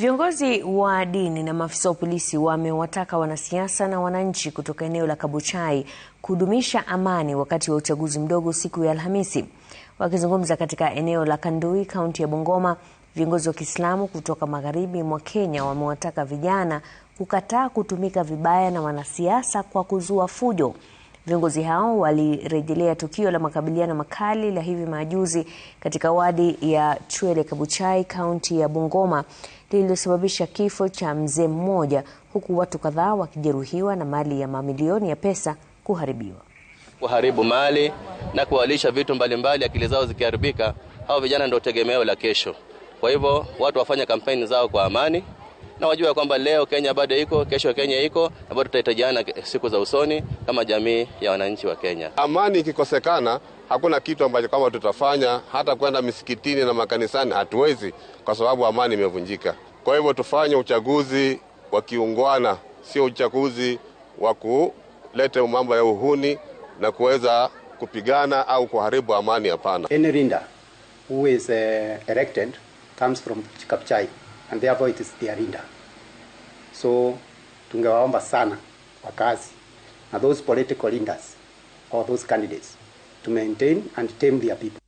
Viongozi wa dini na maafisa wa polisi wamewataka wanasiasa na wananchi kutoka eneo la Kabuchai kudumisha amani wakati wa uchaguzi mdogo siku ya Alhamisi. Wakizungumza katika eneo la Kandui, kaunti ya Bungoma, viongozi wa Kiislamu kutoka magharibi mwa Kenya wamewataka vijana kukataa kutumika vibaya na wanasiasa kwa kuzua fujo. Viongozi hao walirejelea tukio la makabiliano makali la hivi majuzi katika wadi ya Chwele Kabuchai, kaunti ya Bungoma, lililosababisha kifo cha mzee mmoja, huku watu kadhaa wakijeruhiwa na mali ya mamilioni ya pesa kuharibiwa kuharibu mali na kuwalisha vitu mbalimbali, akili zao zikiharibika, hao vijana ndio tegemeo la kesho. Kwa hivyo watu wafanya kampeni zao kwa amani na wajua kwamba leo Kenya bado iko, kesho Kenya iko na bado tutahitajiana siku za usoni kama jamii ya wananchi wa Kenya. Amani ikikosekana hakuna kitu ambacho kama tutafanya hata kwenda misikitini na makanisani hatuwezi, kwa sababu amani imevunjika. Kwa hivyo tufanye uchaguzi wa kiungwana, sio uchaguzi wa kuleta mambo ya uhuni na kuweza kupigana au kuharibu amani. Hapana. Henry Rinda who is uh, elected comes from Kapchai and therefore it is their leader. So tungewaomba sana wakazi na those political leaders or those candidates to maintain and tame their people